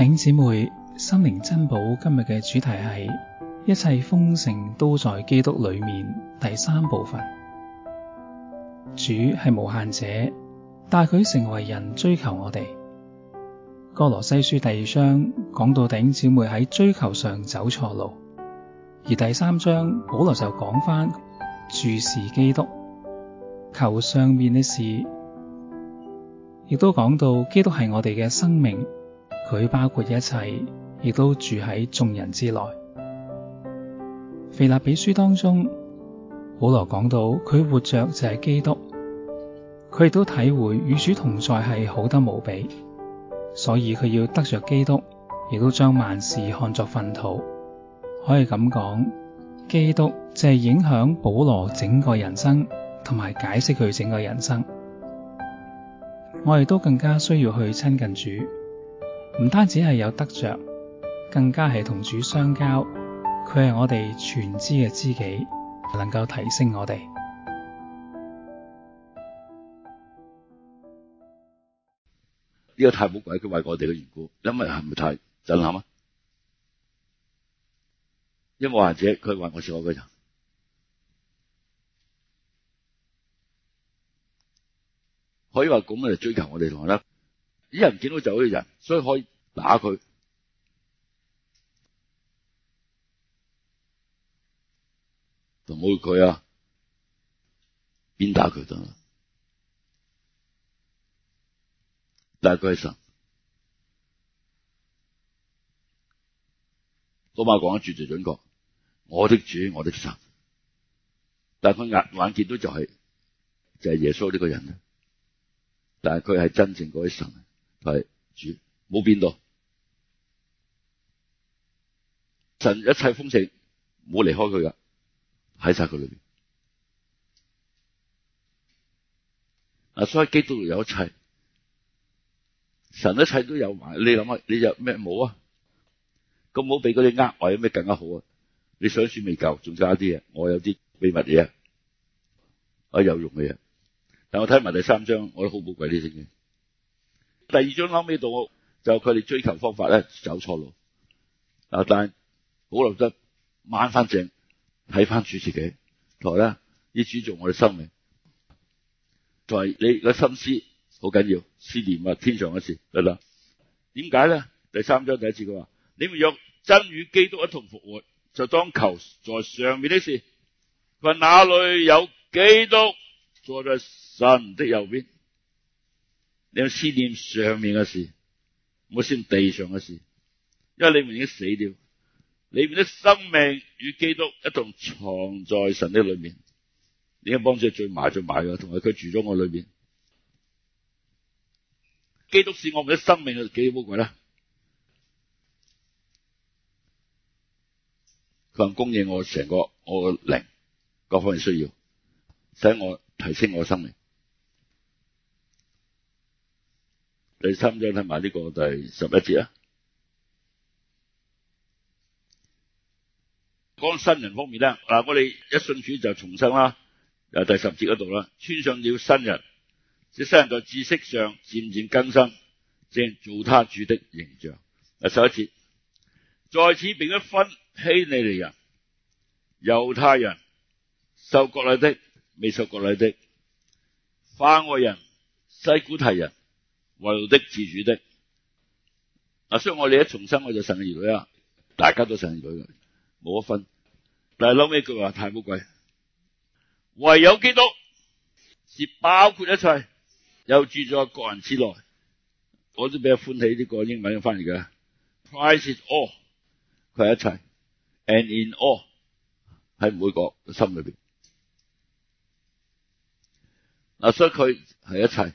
弟兄姐妹，心靈珍寶今日嘅主題係一切豐盛都在基督裡面，第三部分。主係無限者，但佢成為人追求我哋。哥羅西書第二章講到弟兄姐妹喺追求上走錯路，而第三章保羅就講翻注視基督，求上面嘅事，亦都講到基督係我哋嘅生命。佢包括一切，亦都住喺眾人之內。腓立比書當中，保羅講到佢活着就係基督，佢亦都體會與主同在係好得無比，所以佢要得着基督，亦都將萬事看作糞土。可以咁講，基督就係影響保羅整個人生，同埋解釋佢整個人生。我亦都更加需要去親近主。唔單止係有得着，更加係同主相交，佢係我哋全知嘅知己，能夠提升我哋。呢個太古貴，佢為我哋嘅緣故，因為係咪太震撼啊？因為或者佢為我哋嘅人，可以話咁嚟追求我哋同學啦。啲人見到就嗰個人，所以可以打佢，就冇佢啊，邊打佢得啦？但係佢係神，羅馬講得絕對準確，我的主，我的神。但係佢眼眼見到就係、是、就係、是、耶穌呢個人，但係佢係真正嗰位神。係主冇變到，神一切豐盛冇離開佢噶喺晒佢裏邊。啊，所以基督徒有一切，神一切都有埋。你諗下，你有咩冇啊？咁唔好俾嗰啲呃我，有咩更加好啊？你賞賜未夠，仲加一啲嘢。我有啲秘密嘢，啊，有用嘅嘢。但我睇埋第三章，我都好寶貴啲聖經。第二章啱尾到就佢、是、哋追求方法咧走錯路，啊，但係保留得晚翻正睇翻主自己，同埋咧要注重我哋生命，就係你個心思好緊要，思念啊天上嘅事，係啦。點解咧？第三章第一節佢話：你們若真與基督一同復活，就當求在上面的事。佢話哪裏有基督坐在神的右邊。你要思念上面嘅事，冇思念地上嘅事，因為你們已經死咗，你們的生命與基督一同藏在神的裏面。點樣幫助最埋最埋嘅？同埋佢住咗我裏面，基督使我嘅生命係幾寶貴咧？佢能供應我成個我嘅靈，各方面需要，使我提升我嘅生命。第三章睇埋呢個第十一節啊，講新人方面咧，嗱，我哋一信主就重生啦，誒，第十節嗰度啦，穿上了新人，啲新人在知識上漸漸更新，正做他主的形象。嗱，十一節在此並不分希利尼人、猶太人、受割禮的、未受割禮的、化外人、西古提人。唯的自主的，嗱，所以我哋一重生我就神兒女啊，大家都神兒女，冇一分。但係後屘一句話太寶貴，唯有基督是包括一切，又住在各人之內。我啲比較歡喜呢個英文翻譯嘅，Christ is all，佢係一切，and in all，喺每個心裏邊。嗱，所以佢係一切。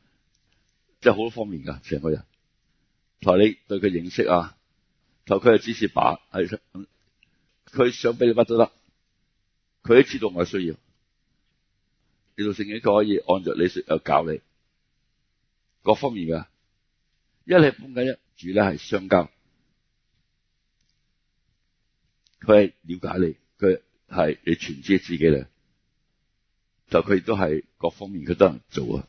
即係好多方面噶，成個人。同你對佢認識啊，同佢嘅知識把係佢想俾你乜都得，佢都知道我嘅需要。你都成經，佢可以按着你說，又教你，各方面噶。一你本緊一，住咧係相交，佢係了解你，佢係你全知自己咧。就佢亦都係各方面，佢都能做啊。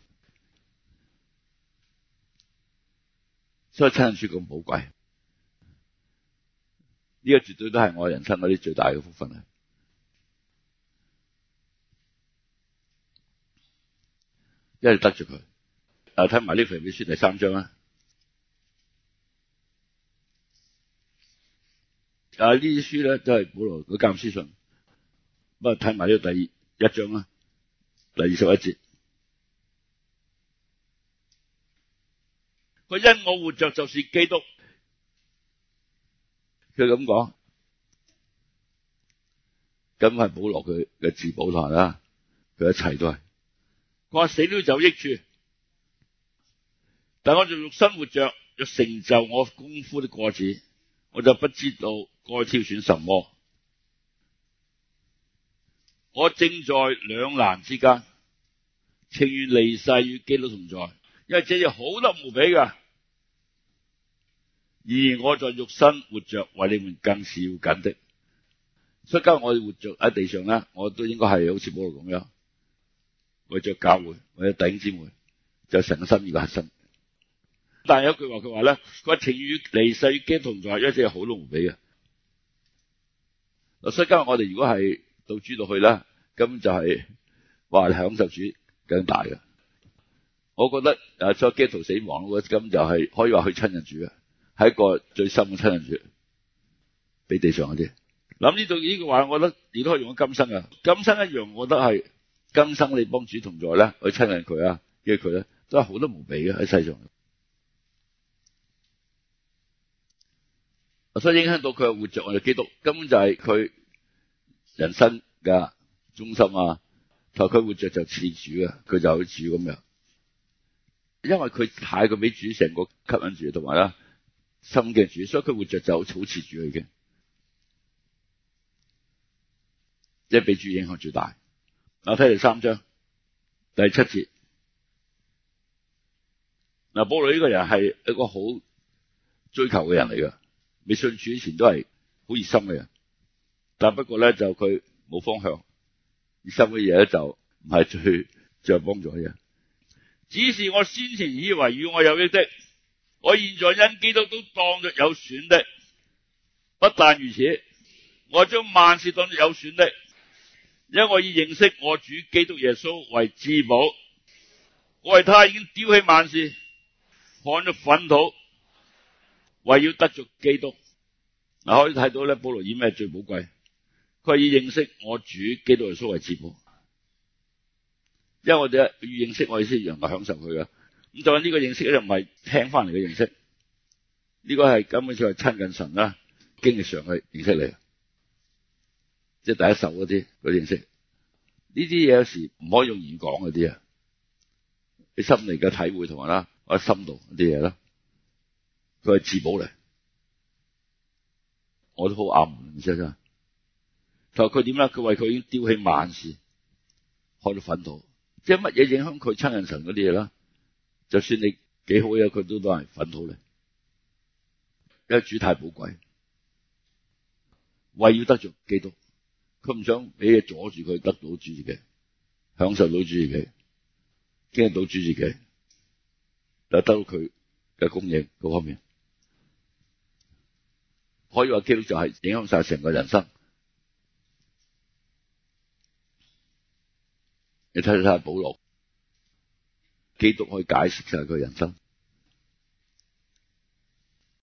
所以親人書咁寶貴，呢、這個絕對都係我人生嗰啲最大嘅福分啊！一直得住佢，啊睇埋呢份腓書第三章啊，啊呢啲書咧都係保羅嗰間書信，咁啊睇埋呢第二一章啊，第二十一節。佢因我活着就是基督，佢咁講，咁係保羅佢嘅自保壇啦。佢一切都係，佢話死都要有益處，但我仲要肉身活着，要成就我功夫的果子，我就不知道該挑選什麼。我正在兩難之間，情願離世與基督同在，因為這嘢好得無比噶。而我在肉身活着，為你們更是要緊的。所以今日我哋活着喺地上咧，我都應該係好似保羅咁樣，為着教會，為着弟兄姊妹，就成個心意嘅核心。但係有一句話，佢話咧：，佢情願離世，與基督同在，因為即係好得無比嘅。所以今日我哋如果係到主度去啦，咁就係、是、話享受主更大嘅。我覺得啊，在基督死亡嗰，咁就係可以話去親近主嘅。係一個最深嘅親人住，比地上嗰啲諗呢度呢句話，我覺得亦都可以用喺今生噶，今生一樣，我覺得係今生你幫主同在咧，去親人佢啊，記佢咧，都係好多無比嘅喺世上，所以影響到佢係活着，我哋基督根本就係佢人生嘅中心啊！佢佢活着就似主嘅，佢就好似咁樣，因為佢太過俾主成個吸引住，同埋咧。心嘅主，所以佢活着就好似住佢嘅，即係俾主影響最大。嗱，睇第三章第七節。嗱，保羅呢個人係一個好追求嘅人嚟噶，未信主以前都係好熱心嘅人，但不過咧就佢冇方向，熱心嘅嘢咧，就唔係最最有幫助嘅。只是我先前以為與我有益的。我現在因基督都當咗有損的，不但如此，我將萬事當咗有損的，因為我以認識我主基督耶穌為至寶。我為他已經丟棄萬事，看咗糞土，為要得着基督。嗱，可以睇到咧，保羅以咩最寶貴？佢以認識我主基督耶穌為至寶，因為我哋要認識我意思，然後享受佢噶。咁係呢個認識咧，就唔係聽翻嚟嘅認識，呢個係根本上係親近神啦，經歷上去認識嚟，即係第一手嗰啲嗰啲認識，呢啲嘢有時唔可以用言講嗰啲啊，你心嚟嘅體會同埋啦，我喺心度啲嘢啦，佢係自保嚟，我都好啱唔識啊，佢佢點咧？佢為佢已經丟棄萬事，看作糞土，即係乜嘢影響佢親近神嗰啲嘢啦？就算你幾好嘢，佢都都係糞土嚟。因為主太寶貴，為要得着基督，佢唔想俾嘢阻住佢得到主自己，享受到主自己，經歷到主自己，就得到佢嘅供應各方面。可以話基督就係影響晒成個人生。你睇睇下保羅。基督可以解釋下佢人生。